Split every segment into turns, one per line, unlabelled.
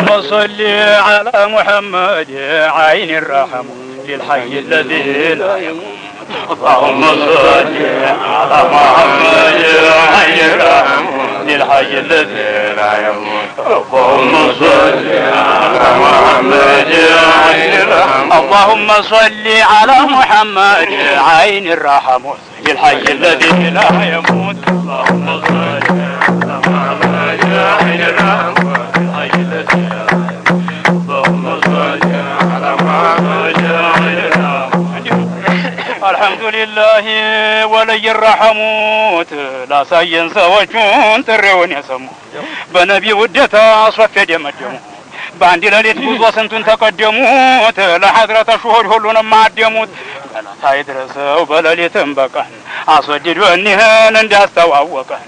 اللهم صل على محمد عين الرحم للحي الذي لا
اللهم صل على محمد عين الرحم للحي الذي لا يموت اللهم صل على محمد عين الرحم
اللهم صل على محمد عين الرحم للحي الذي لا يموت
اللهم صل على محمد عين الرحم
الحمد لله ወለይራሐሙት ላሳየን ሰዎቹን ጥሪውን የሰሙ በነቢ ውደታ አስፋፊ ደመደሙ በአንድ ሌሊት ጉዞ ስንቱን ተቀደሙት፣ ለሐድረተ ሽሁድ ሁሉንም አደሙት። ቀናት አይድረሰው በሌሊትም በቀን አስወድዶ እኒህን እንዳስተዋወቀን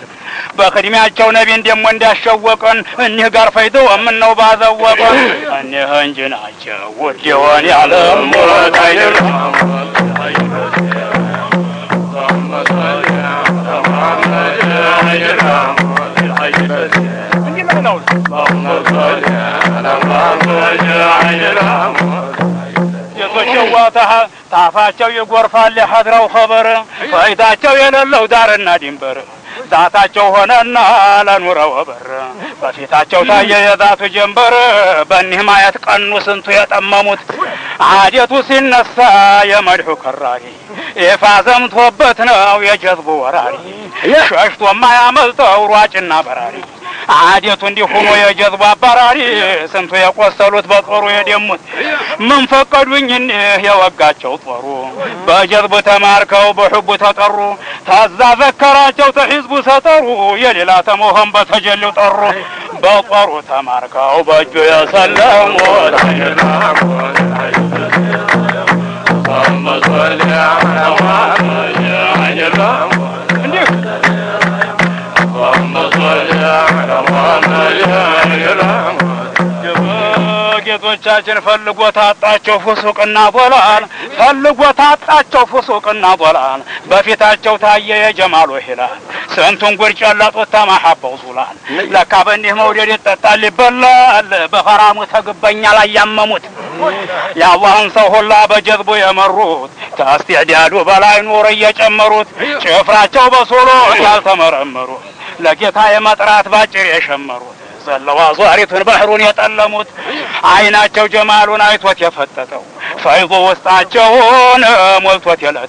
በቅድሚያቸው ነቢ እንደሞ እንዳሸወቀን እኒህ ጋር ፈይተው እምነው ባዘወቀን እኒህ እንጂ ናቸው ውድወን ያለም Thank የመሸዋተሃ ጣፋቸው የጎርፋል ሀድራው ኸበር ፈይታቸው የሌለው ዳርና ድንበር ዛታቸው ሆነና ለኑረ ወበር በፊታቸው ታየ የዛቱ ጀንበር በኒህ ማየት ቀኑ ስንቱ የጠመሙት አጀቱ ሲነሳ የመድሑ ከራሪ ኤፋ ዘምቶበት ነው የጀዝቡ ወራሪ ሸሽቶ ማያመልጠው ሯጭና በራሪ عادت وندي خمو يا جذب براري سنتو يا قصالوت بطرو يا ديموت من فقد وين يا وقاتش وطرو بجذب تمارك وبحب تطرو تازا ذكرات وتحزب سطرو يا ليلا تموهم بتجل طرو بطرو تمارك وبجو يا سلام
اللهم صل على محمد يا عجل الله
ጌቶቻችን ፈልጎ ታጣቸው ፉሱቅና ቦላል ፈልጎ ታጣቸው ፉሱቅና ቦላል በፊታቸው ታየ የጀማሉ ሂላል ስንቱን ጉድ ጨለጡት ተማሐበው ዙላል ለካ በእኒህ መውደድ ይጠጣል ይበላል በፈራሙ ተግበኛ ላይ ያመሙት የአላህን ሰው ሁላ በጀዝቡ የመሩት ከእስቲዕዳዱ በላይ ኑር እየጨመሩት ጭፍራቸው በሶሎ ያልተመረመሩት لقيت هاي مطرات باكر يشمروا زلوا زهرتن بحرون يتلموت عيناتشو جمالون عيتوت يفتتو فيضوا وسطاتشون ملتوت يلت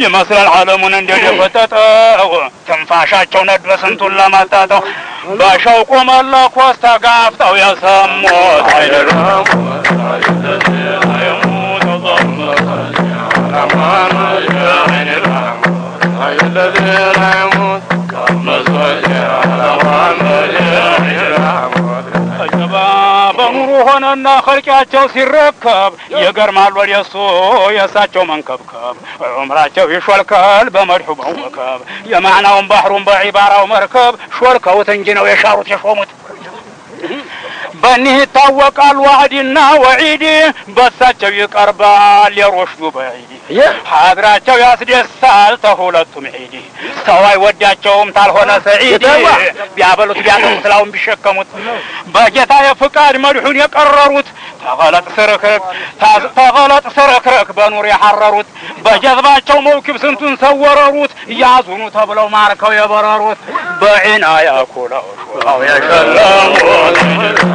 يمثل العالمون اندي يفتتو تنفاشاتشو ندرسنتو لمتتو بشوقهم الله كوستا قافتو يسموت
عين الرموت عين الذي لا يموت ضمتا عين الرموت عين الذي لا يموت
ሆነና ኸልቂያቸው ሲረከብ ይገርማል ወደሱ የእሳቸው መንከብከብ ዑምራቸው ይሾልከል በመድሑ መወከብ የማዕናውን ባህሩን በዒባራው መርከብ ሾልከውት እንጂ ነው የሻሩት የሾሙት بنه توقع الوعد وعيد بساته يقربا لرشد بعيد حضرة شوياس دي السال تهولت معيد سواي ودع شوم تالهونا سعيد بيابلوت بيانهم سلاهم بشكموت بجتا يفكار مرحون يقرروت تغلط سرخرك تغلط سرخرك بنور يحرروت بجذبا شو موكب سنتون سورروت يازونو تبلو ماركو يبرروت بعين آيا كولا وشولا ويشلم وشولا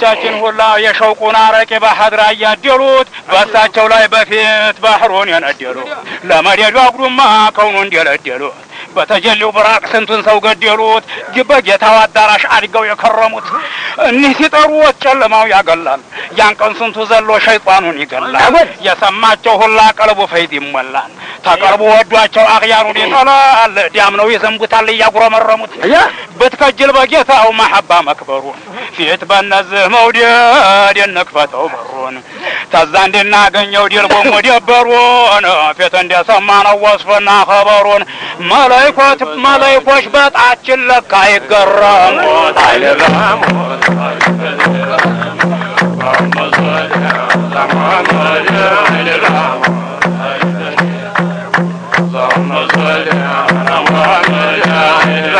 ጌቶቻችን ሁላ የሸውቁን አረቄ ባህድር እያደሉት በእሳቸው ላይ በፊት ባህሩን የነደሉ ለመደዱ አጉዱማ ከውኑ እንደለደሉት በተጀሌው ብራቅ ስንቱን ሰው ገደሉት። በጌታው አዳራሽ አድገው የከረሙት እኒህ ሲጠሩት ወት ጨለማው ያገላል። ያን ቀን ስንቱ ዘሎ ሸይጣኑን ይገላል። የሰማቸው ሁላ ቀልቡ ፈይድ ይሞላል። ተቀርቦ ወዷቸው አክያሩን አለ ዲያም ነው ይዘንቡታል እያጉረመረሙት ብትከጅል በጌታው ማሐባ መክበሩ ፊት በነዝህ መውደድ እንክፈተው በሩን ተዛ እንድናገኘው ዲል ጎሞ ደበሩን ፊት እንደሰማ ነው ወስፍና ኸበሩን መለይኮት መለይኮች በጣችን ለካ ይገረሙት
አይልራሙት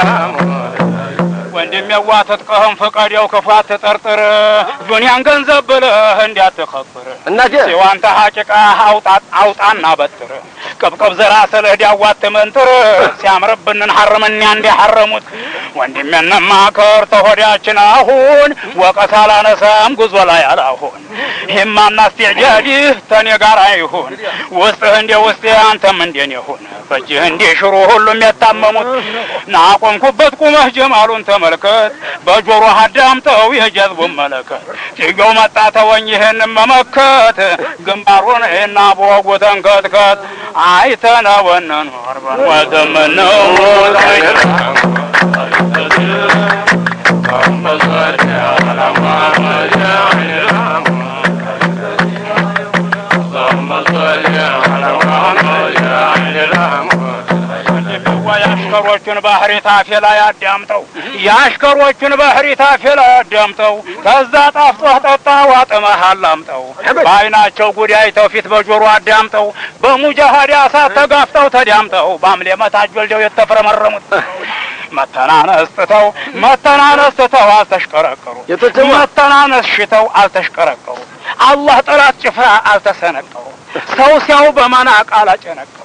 Ram
የሚያዋተት ፈቃድ ያው ክፋት ተጠርጥር ዱንያን ገንዘብ ብለህ እንዳትከብር እናቴ ሲዋንታ ሀቂቃ አውጣና በትር ቅብቅብ ዘራ ስለ ዳዋት መንትር ሲያምርብንን ሐርምና እንዲሐረሙት ወንድም ማከር ተሆዳችን አሁን ወቀት አላነሳም ጉዞ ላይ አላሁን ይህማና ስቴጃዲህ ተኔ ጋር አይሁን ውስጥህ እንደ ውስጤ አንተም እንደኔ ይሁን በእጅህ እንደ ሽሮ ሁሉም የታመሙት ናቆምኩበት ቁመህ ጀማሉን ተመልከ መለከት በጆሮ አዳምጠው የጀዝቡ መለከት ሲገው መጣተወኝ ይህን መመከት ግንባሩን ይህና በወጉ ከትከት አይተነ ወነን ወርበን ወተመነው የአሽከሮቹን ባህሪት አፌ ላይ አዳምጠው የአሽከሮቹን ባህሪት አፌ ላይ አዳምጠው ከዛ ጣፍጦህ ጠጣ ዋጥመህ አላምጠው በአይናቸው ጉዳይተው ፊት በጆሮ አዳምጠው በሙጃሃዲ እሳት ተጋፍጠው ተዳምጠው በአምሌ መታጅ ወልደው የተፍረመረሙት መተናነስ ጥተው መተናነስ ጥተው አልተሽቀረቀሩ መተናነስ ሽተው አልተሽቀረቀሩ አላህ ጠላት ጭፍራ አልተሰነቀው ሰው ሲያው በማና አቃል አጨነቀው።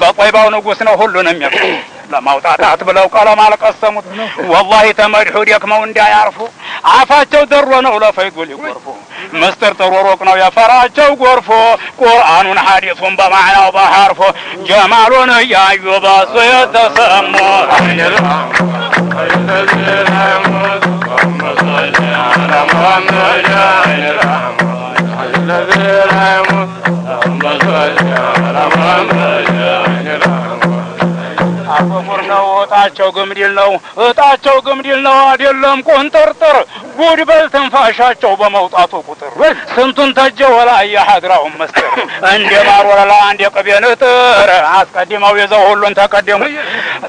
በቆይባው ንጉስ ነው ሁሉንም የሚያውቀው። ለማውጣታት ብለው ቀለም አልቀሰሙት ወላሂ ተመድሑ ደክመው እንዳያርፉ አፋቸው ደሮ ነው ለፈይዱ ሊጎርፉ ምስጢር ጥሩ ሩቅ ነው የፈራቸው ጎርፎ ቁርአኑን ሐዲሱን በማዕናው ባህርፎ ጀማሉን እያዩ ባሱ የተሰሙ
ላ
ነው ሞታቸው ግምድል ነው፣ እጣቸው ግምድል ነው አይደለም ቁንጥርጥር ጉድ በል ትንፋሻቸው በመውጣቱ ቁጥር ስንቱን ተጀ ወላ እያሀድራውን መስጥር እንደ ማር ወለላ እንደ ቅቤ ንጥር አስቀድመው የዘው ሁሉን ተቀደሙ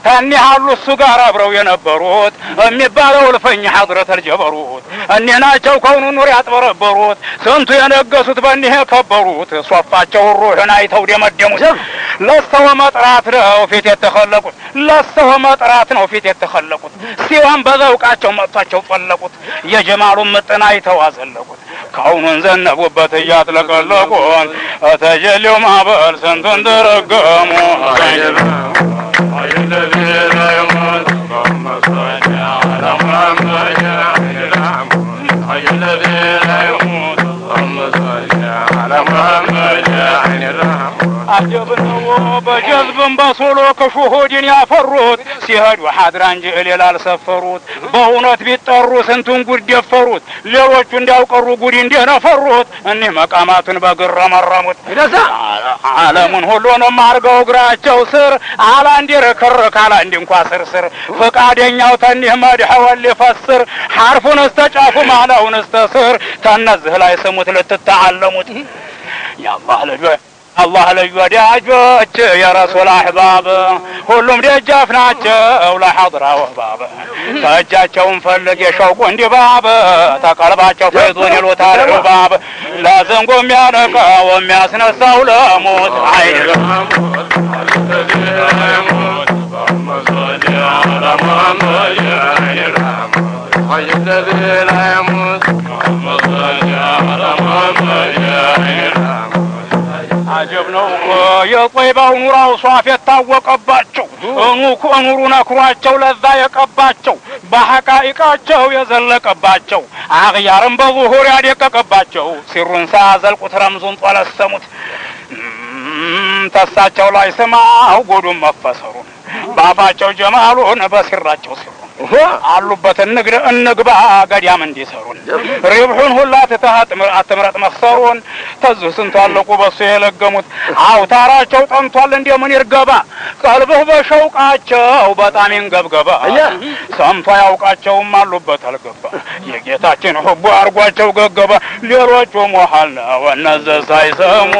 ታኒሃሉ እሱ ጋር አብረው የነበሩት የሚባለው እልፈኝ ሀድረት አልጀበሩት እኒህ ናቸው ከውኑ ኑር ያጥበረበሩት ስንቱ የነገሱት በኒህ የከበሩት ሶፋቸው ሩህን አይተው ደመደሙት ለስተወ መጥራት ነው ፊት የተኸለቁት ለስተወ ለመጥራት ነው ፊት የተኸለቁት ሲሆን በዘውቃቸው መጥቷቸው ፈለቁት የጀማሉን ምጥን አይተው አዘለቁት ካሁኑን ዘነቡበት እያጥለቀለቁን ተጀሌው ማበል ስንቱን ተረገሙ
على محمد على محمد
አጀብን በጀዝብን በሶሎ ከሾሆድን ያፈሩት ሲሄዱ ሐድራ እንጂ እሌላ አልሰፈሩት። በእውነት ቢጠሩ ስንቱን ጉድ ደፈሩት። ሌሎቹ እንዲያውቀሩ ጉድ እንደነፈሩት እኒህ መቃማትን በግር ረመረሙት። ዓለሙን ሁሉንም አድርገው እግራቸው ስር አላ እንዲ ርክር እንኳ ስርስር ፈቃደኛው ተኒህ መድሐወን ሊፈስር ሐርፉን እስተ ጫፉ ማናውን እስተ ስር ተነዝህ ላይ ስሙት ልትተዓለሙት የአላህ الله لا يا عجبك يا رسول احبابه كلهم دجاف ناتشو لا حضره وهبابه فجاتشو مفلق يا شوق وندي باب تقلباتشو فيضون الوتار الباب لازم قوم يا رقا وام يا سنساو لموت
عين الحمد
የቆይባው ኑራው ሷፍ የታወቀባቸው እንኩ ኑሩ ነክሯቸው ለዛ የቀባቸው በሐቃይቃቸው የዘለቀባቸው አግያርም በዙሁር ያደቀቀባቸው ሲሩን ሳያዘልቁት ረምዙን ጦለሰሙት ተሳቸው ላይ ስማው ጉዱም መፈሰሩን በአፋቸው ጀማሉን በሲራቸው ሲሩን አሉበት እንግባ ገዳም እንዲሰሩን ሪብሑን ሁላ ትተህ አትምረጥ መክሰሩን ተዝህ ስንት አለቁ በሱ የለገሙት አውታራቸው ጠንቷል እንደ ምን ይርገባ ቀልብህ በሸውቃቸው በጣም ይንገብገባ ሰምቶ ያውቃቸውም አሉበት አልገባ የጌታችን ሕቡ አርጓቸው ገገባ ሌሎቹ ሞሃል ነው እነዚህ ሳይሰሙ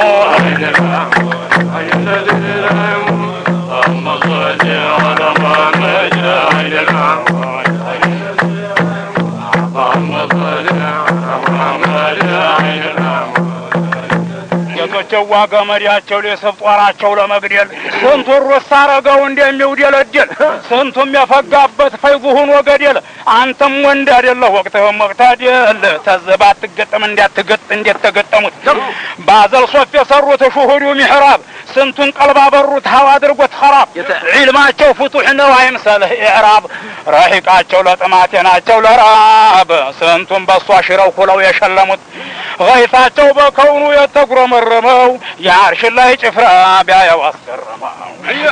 Aa too ራሳቸው ዋጋ መሪያቸው ሊስብ ጦራቸው ለመግደል ስንቱን ሩስ አረገው እንደሚው ደለድል ስንቱም የፈጋበት ፈይጉ ሆኖ ገደል። አንተም ወንድ አይደለህ ወቅትህም ወቅት አይደል። ተዝባ አትገጠም እንዳትገጥ እንዴት ተገጠሙት ባዘል ሶፍ የሰሩት ሹሁዱ ሚሕራብ ስንቱን ቀልባ በሩት ሀዋ አድርጎት ኸራብ ዒልማቸው ፍቱሕ ነው አይምሰልህ ኢዕራብ ረሂቃቸው ለጥማቴ ናቸው ለራብ ስንቱን በሷ ሽረው ኩለው የሸለሙት ገይታቸው በከውኑ የተጉረመረመ ቢያየው የአርሽን ላይ ጭፍራ ቢያየው አስገረመው።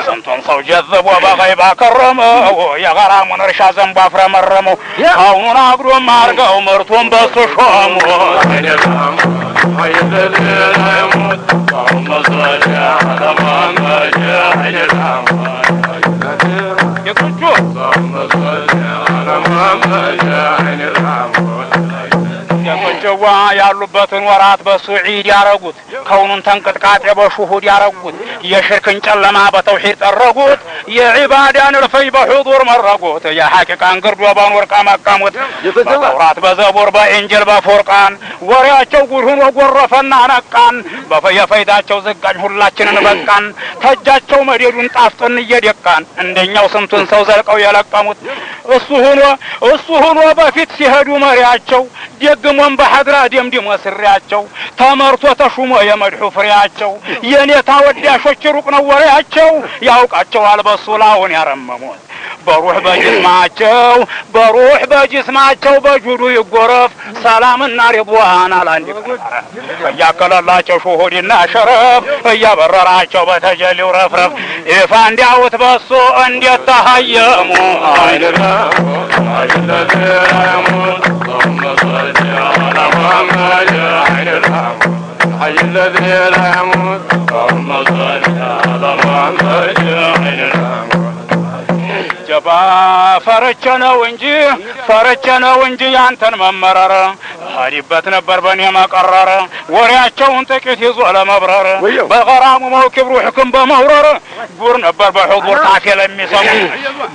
ስንቱን ሰው ጀዝቦ በገይባ ከረመው። የገራሙን እርሻ ዘንቦ አፍረመረመው። አሁኑን አግዶም አርገው ምርቱን በሱ ሾሙ። يا ጀዋ ያሉበትን ወራት በሱዒድ ያረጉት፣ ከውኑን ተንቅጥቃጤ በሹሁድ ያረጉት፣ የሽርክን ጨለማ በተውሒድ ጠረጉት፣ የዒባዳን እልፈይ በሑዱር መረጉት፣ የሐቂቃን ግርዶ በወርቅ መቀሙት፣ በተውራት በዘቡር በኢንጅል በፎርቃን ወሬያቸው ጉድሁን ወጎረፈና ነቃን። የፈይዳቸው ዝጋኝ ሁላችንን በቃን፣ ተጃቸው መዴዱን ጣፍጥን እየደቃን፣ እንደኛው ስንቱን ሰው ዘልቀው የለቀሙት እሱ ሆኖ እሱ ሁኖ በፊት ሲሄዱ መሪያቸው ደግሞን በ ሀድራ ደምድሞ ስሬያቸው ተመርቶ ተሹሞ የመድሑ ፍሬያቸው የኔታ ወዳሾች ሩቅ ነው ወሬያቸው ያውቃቸዋል በሱ ላውን ያረመሙት በሩህ በጅስማቸው በሩህ በጅስማቸው በጁዱ ይጎረፍ ሰላምና ሪድዋን አላንድ እያከለላቸው ሹሁድና ሸረፍ እያበረራቸው በተጀሊው ረፍረፍ ይፋ እንዲያውት በሶ እንዴት ተሀየሙ አይደለ አይደለ اللهم اجعل الحمد الحي الذي لا يموت اللهم صل على محمد اجعل الحمد ጀባ ፈረቸ ነው እንጂ ፈረቸ ነው እንጂ ያንተን መመረረ ሀዲበት ነበር በእኔ መቀረረ ወሬያቸውን ጥቂት ይዞ ለመብረር በቀራሙ መውኪብ ሩሕክም በመውረር ጉር ነበር በሑዱር ታፌ ለሚሰሙ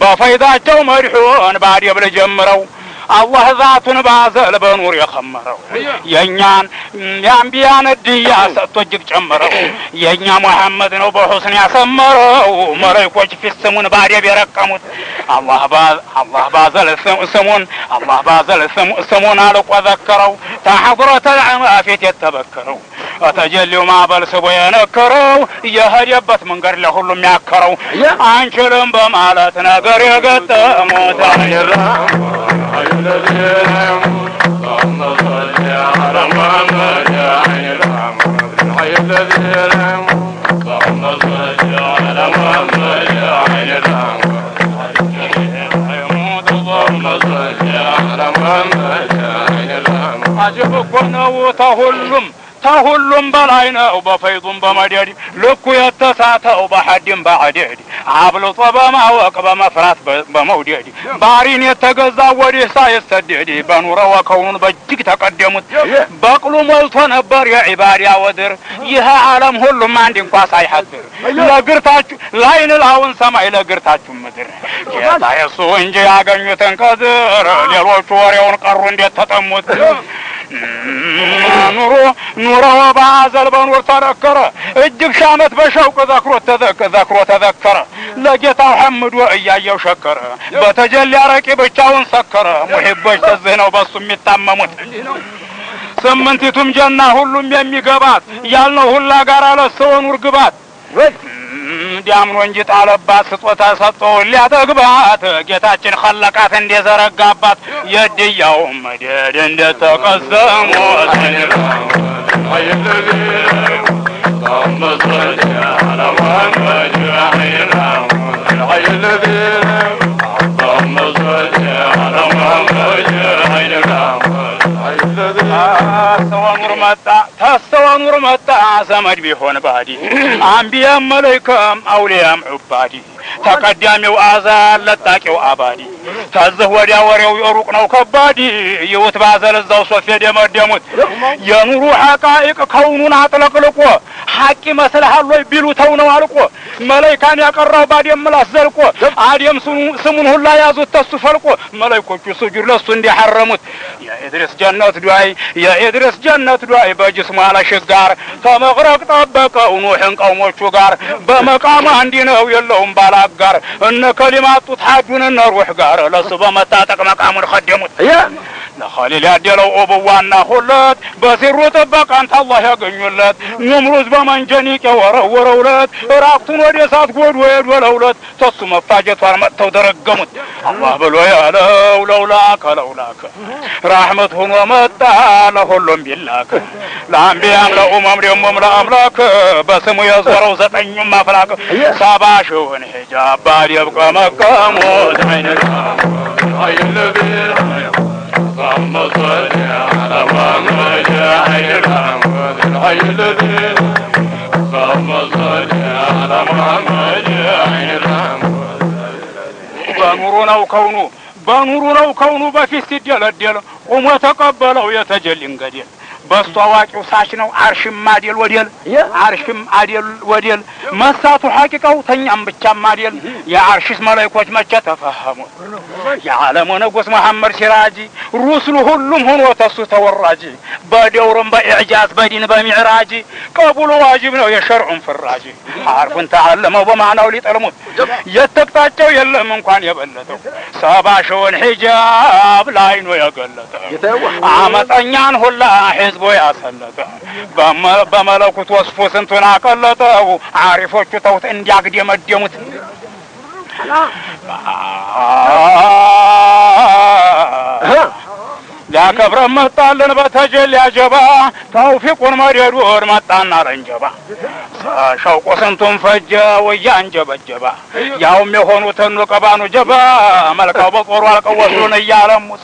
በፈይዳቸው መድሑን ባዴብ ልጀምረው الله ذاتن باز لبنور يخمره ينيان يانبيان الدنيا ستوجك جمره ينيا محمد نوب حسن يخمره مريكوش في السمون باري بيرقمت الله باز الله باز السمون الله باز السمون على قذكره تحضرت العمافيت يتبكره ተጀሊው ማዕበል ስቦ የነከረው የሄደበት መንገድ ለሁሉም ያከረው አንችልም በማለት ነገር የገጠሙት አጅብ እኮ ነው ተሁሉም ሁሉም በላይ ነው በፈይዙም በመደድ ልኩ የተሳተው በሐድም በዐደድ አብልጦ በማወቅ በመፍራት በመውደድ ባሪን የተገዛ ወዲህ ሳይሰደድ በኑረ ወከውኑን በእጅግ ተቀደሙት በቅሉ ሞልቶ ነበር የዒባድ ወድር ይህ ዓለም ሁሉም አንድ እንኳ ሳይሐድር ለግርታችሁ ላይን ላውን ሰማይ ለግርታችሁ ምድር ጌታ የሱ እንጂ ያገኙትን ቀድር ሌሎቹ ወሬውን ቀሩ እንዴት ተጠሙት ኑሮ ኑሮ በአዘል በኑር ተነከረ እጅግ ሻመት በሸውቅ ዘክሮ ዘክሮ ተዘከረ ለጌታው ሐምዶ እያየው ሸከረ በተጀሊ አረቂ ብቻውን ሰከረ። ሙሂቦች ተዝህ ነው በሱ የሚታመሙት ስምንቲቱም ጀና ሁሉም የሚገባት ያልነው ሁላ ጋር አለሰወን ግባት እንዲያምኖ እንጂ ጣለባት ስጦታ ሰጥቶ ሊያጠግባት ጌታችን ኸለቃት እንደዘረጋባት የድያው መደድ እንደተቀሰሞት ተስተዋኑር መጣ ተስተዋኑር መጣ ዘመድ ቢሆን ባዲ አንቢያም መለይከም አውሊያም ዑባዲ ተቀዳሚው አዛን ለጣቂው አባዲ ተዝህ ወዲያ ወሬው የሩቅ ነው ከባዲ ይውት ባዘል እዛው ሶፌ ደመደሙት የኑሩ ሐቃኢቅ ከውኑን አጥለቅልቆ ሐቂ ይመስልሃል ወይ ቢሉ ነው አልቆ መለይካን ያቀራው ባዴም ምላስ ዘልቆ አዴም ስሙን ሁላ ያዙት ተሱ ፈልቆ መለይኮቹ ስጁድ ለሱ እንዲሐረሙት የኢድሪስ ጀነት ዱአይ يدرس جنة دواي بجسم على شجار تمغرق طبك ونوحن قوم الشجار بمقام عندنا ويلهم بالاقار ان كلمات تتحاجون النروح قار لصبا متاتك مقام الخدمة أيوة. يا نخليل يديلو ابوانا خلات بسيرو طبك انت الله يقن يلات نمروز بمن جنيك ورو ورولات راقتون وديسات قود ويد ولولات تصم فاجت ورمت ودرقمت الله بلو يا لو لولاك لولاك رحمتهم ومتالو ሁሉም ቢላክ ለአንቢያም ለኡማም ደግሞም ለአምላክ በስሙ የዞረው ዘጠኙም አፍላክ ሰባ ሺውን ሂጃባ ደብቆ መቀሙ በኑሩ ነው ከውኑ በኑሩ ነው ከውኑ በፊት ሲደለደል ቁሞ ተቀበለው የተጀሊን ገዴል በስቶ አዋቂው ሳሽ ነው። አርሽም አዴል ወዴል አርሽም አዴል ወዴል መሳቱ ሐቂቀው ተኛም ብቻም አዴል የአርሽስ መላይኮች መቼ ተፈሀሙ የዓለሙ ንጉሥ መሐመድ ሲራጂ ሩስሉ ሁሉም ሆኖ ተሱ ተወራጂ በደውርም በኢዕጃዝ በዲን በሚዕራጂ ቀቡሉ ዋጅብ ነው የሸርዑን ፍራጂ አርፉን ተዓለመው በማዕናው ሊጠልሙት የተቅጣቸው የለም እንኳን የበለጠው ሰባ ሺውን ሒጃብ ላይ የገለጠው አመጠኛን ሁላ ህዝቦ ያሰለጠ በመለኩት ወስፎ ስንቱን አቀለጠው አሪፎቹ ተውት እንዲያግድ የመደሙት ሊያከብረ መጣልን በተጀል ያጀባ ተውፊቁን መደዱን መጣና ረንጀባ ሸውቆ ስንቱን ፈጀ ወያንጀበጀባ ያውም የሆኑትን ቀባኑ ጀባ መልካው በጦሩ አልቀወሱን እያለሙት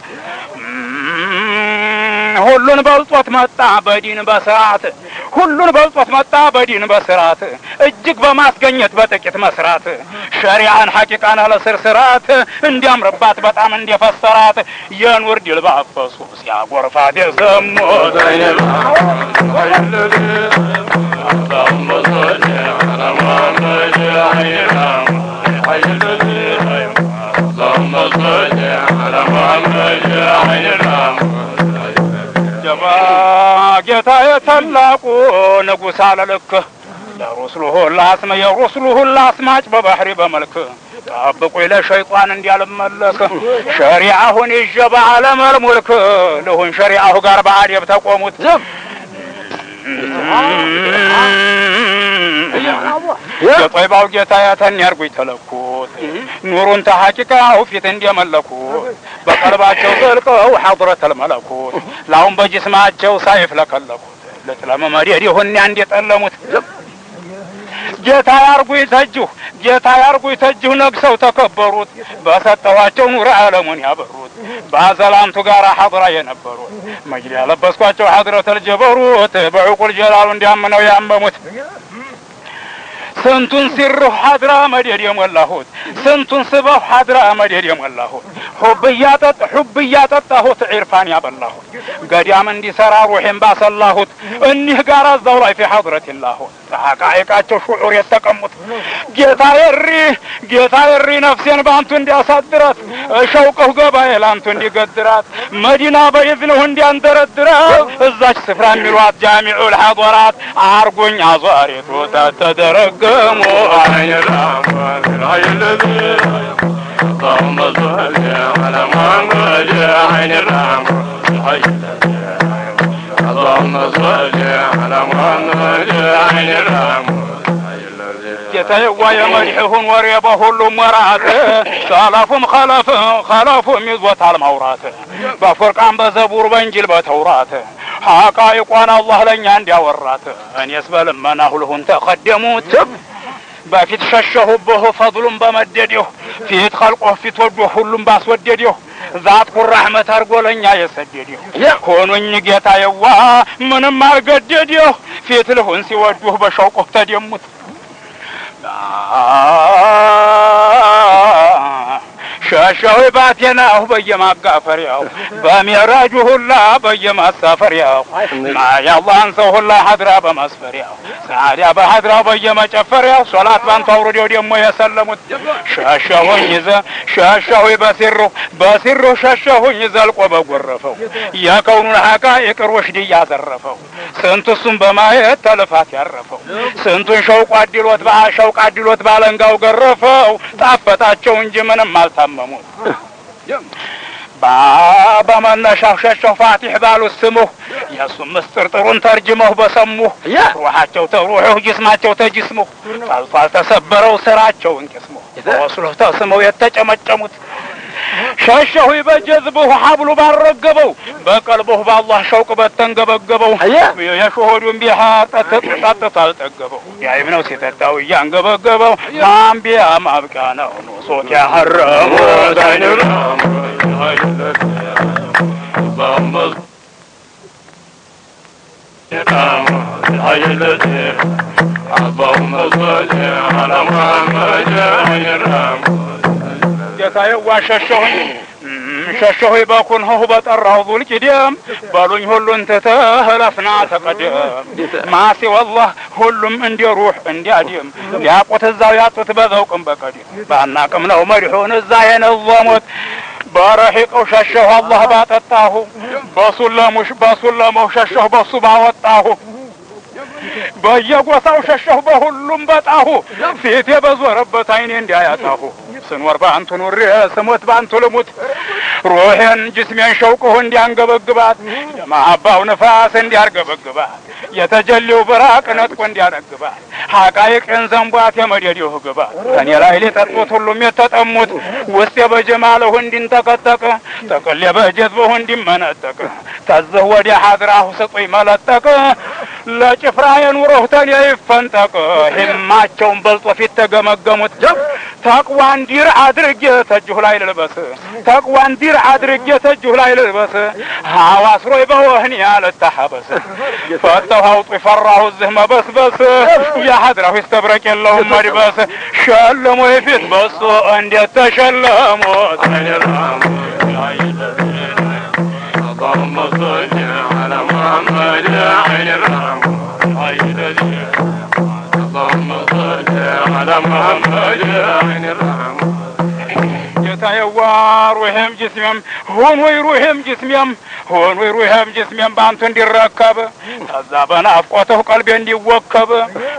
ሁሉን በልጦት መጣ በዲን በስርዓት ሁሉን በልጦት መጣ በዲን በስርዓት እጅግ በማስገኘት በጥቂት መስራት ሸሪዓን ሐቂቃን አለስርስራት እንዲያምርባት በጣም እንዲፈሰራት የኑር ዲል ባፈሱ ሲያጎርፋት የሰሙ ደማ ጌታ የተላቁ ንጉሥ አለልክ ለሩስሉ ሁላስመ የሩስሉ ሁላስማጭ በባህሪ በመልክ ጠብቁ ለሸይጣን እንዲያልመለክ ሸሪአሁን ይዤ በዓለም አልሙልክ ልሁን ሸሪአሁ ጋር በአዴብ ተቆሙት የጦይባው ጌታ ያተን ያርጉኝ ተለኩት ኑሩን ተሐቂቃው ፊት እንደመለኩት በቀልባቸው ጥልቀው ሐضረተል መለኩት ላሁን በጅስማቸው ሳይፍለከለኩት ለጥለመ መሬድ ይሁን እንደ ጠለሙት ጌታ ያርጉ ይተጅሁ ጌታ ያርጉ ይተጅሁ ነግሰው ተከበሩት በሰጠኋቸው ኑረ አለሙን ያበሩት በአዘላምቱ ጋር ሀብራ የነበሩት መግቢያ ለበስኳቸው ሀድረተል ጀበሩት በዕቁል ጀላሉ እንዲያምነው ያመሙት سنتون سر حضرة مريم اللهوت سنتون سبب حضرة مريم اللهوت حبيات حبيات تهوت عرفان يا اللهوت قديا من دي سرا روحين باس اللهوت اني هقار الزولة في حضرة اللهوت حقائق اتشو شعور يتقمت جيتا يري جيتا يري نفسين بانتون دي اصدرت ሸውቀው ገባኤ ላንቱ እንዲገድራት መዲና በኢዝንሁ እንዲያንደረድረው እዛች ስፍራ የሚሏት ጃሚዑል ሐضራት አርጉኝ አዟሪቱ ተተደረገሙ اللهم يتوايا مريحهم وريبه المرات خلافهم خلافهم خلافهم يزوت على المورات بفرق عن بزبور بنجل بتورات حقائق وانا الله لن يعندي ورات ان يسبل من اهلهم تقدموا تب بفيت ششه به فضل بمدده فيت خلقه فيت وجهه اللهم باس وديده ذات كل رحمة أرجو يا يسددي كونو نجيت أيوة من ما قدديه فيت لهن سوى وجهه بشوق تديمته 아. ሻሻዊ ባቴናሁ በየማጋፈሪያሁ በሜራጁ ሁላ በየማሳፈሪያሁ ማያላህን ሰው ሁላ ሀድራ በመስፈሪያሁ ሳዲያ በሀድራው በየመጨፈሪያው ሶላት ባንቱ አውርደው ደግሞ የሰለሙት ሻሻሁኝ ይዘ ሻሻሁ በሲሩ በሲሩ ሻሻሁኝ ዘልቆ በጎረፈው የከውኑን ሀቃ የቅሮሽ ድ ያዘረፈው ስንቱ እሱን በማየት ተልፋት ያረፈው ስንቱን ሸውቋ አድሎት በአሸውቃ አድሎት ባለንጋው ገረፈው ጣፈጣቸው እንጂ ምንም አልታመ መሞት ባባ መነሻው ሸሸው ፋቲሕ ባሉት ስሙህ የእሱም ምስጥርጥሩን ተርጅመው በሰሙ ሩሃቸው ተሩሑህ ጅስማቸው ተጅስሙህ ጣልቷል ተሰበረው ስራቸውን ቅስሙህ ወስሎህ ተስመው የተጨመጨሙት ሸሸሁ በጀዝብሁ ሀብሉ ባረገበው በቀልብሁ ባላህ ሸውቅ በተንገበገበው የሾሆዱን ቢሃ ጠጥታ አልጠገበው ያይም ነው ሲጠጣው እያንገበገበው ማንቢያ ማብቂያ ነው ሶት ያህረሙ اللهم صل على محمد تاي واش شوهي مش شوهي باكون هو بطر رضول كديام بالون هولون تتا هلا سنا ما سي والله هولم اندي روح اندي اديم يا قوت الزاو يا قوت بذو قم بكدي بانا كمنا عمر يحون الزاين الظموت بارحق وششه الله باتتاه باصول مش باصول لا مشششه باصوب عوطاه بايا قوسا وششه بهولم باتاه سيتي بزور بتايني اندي اياتاه ስኖር በአንቱ ኑሬ ስሞት በአንቱ ልሙት ሮሄን ጅስሜን ሸውቅሁ እንዲያንገበግባት የማባው ነፋስ እንዲያርገበግባት የተጀሌው ብራቅ ነጥቆ እንዲያነግባት ሀቃይቅን ዘንቧት የመደዴው ግባት እኔ ላይ ሊጠጡት ሁሉም የተጠሙት ውስጤ በጀማለሁ እንዲንጠቀጠቅ ጥቅሌ በጀዝበሁ እንዲመነጠቅ ተዝህ ወዲያ ሀድራሁ ስጡኝ መለጠቅ ለጭፍራ የኑሮ ተኔ ይፈንጠቅ ሂማቸውን በልጦ ፊት ተገመገሙት ተቅዋን ዲር አድርጌ ተጅሁ ላይ ልልበስ ተቅዋን ዲር አድርጌ ተጅሁ ላይ ልልበስ ሀዋስሮይ በወህኒ ያልታሀበስ ፈተው አውጡ ፈራሁ እዚህ መበስበስ የሀድራሁ ይስተብረቅ የለውም መድበስ ሸለሙ የፊት በሱ እንዴት ተሸለሙ اللهم صل على ሩሄም ጅስሜም ሆን ወይ ሩሄም ጅስሜም ሆን ወይ ሩሄም ጅስሜም በአንቱ እንዲረከብ ከዛ በናፍቆትህ ቀልቤ እንዲወከብ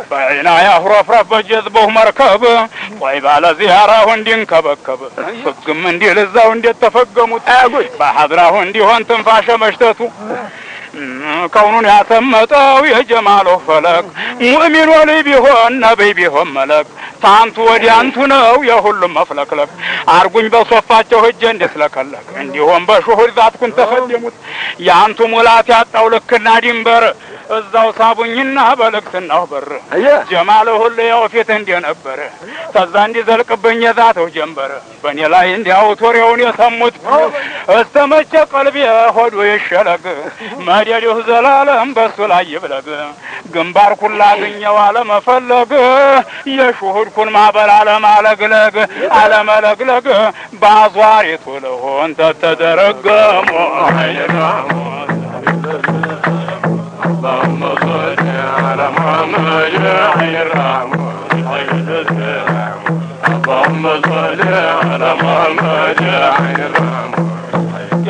በዐይና ያፍረፍረፍ በጀዝበው መርከብ ቆይ ባለ ዚያራሁ እንዲንከበከብ ፍግም እንዲልዛው እንደተፈገሙት በሀድራሁ እንዲሆን ትንፋሸ መሽተቱ ከውኑን ያሰመጠው የጀማሎ ፈለቅ ሙእሚን ወልይ ቢሆን ነቢይ ቢሆን መለክ ታንቱ ወዲያንቱ ነው የሁሉም መፍለቅለቅ አርጉኝ በሶፋቸው እጄ እንድስለከለቅ እንዲሆን በሹሁድ ዛትኩን ተፈደሙት የአንቱ ሙላት ያጣው ልክና ድንበር እዛው ሳቡኝና በልክትናሁ በር ጀማለ ሁሉ ያው ፊት እንደነበረ ከዛ እንዲዘልቅብኝ የዛተው ጀንበረ በእኔ ላይ እንዲያው ቶሬውን የሰሙት እስተ መቼ ቀልቤ ሆዶ ይሸለግ መደዲሁ ዘላለም በሱ ላይ ይብለግ ግንባር ኩላ ግኘው አለመፈለግ የሽሁድኩን ማበል አለማለግለግ አለመለግለግ ባዟሪቱ ለሆን ተተደረገሞ اللهم صل على محمد يحيي الرحمن حي السلام اللهم صل على محمد يحيي الرحمن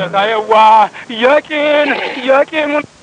يا يقين يقين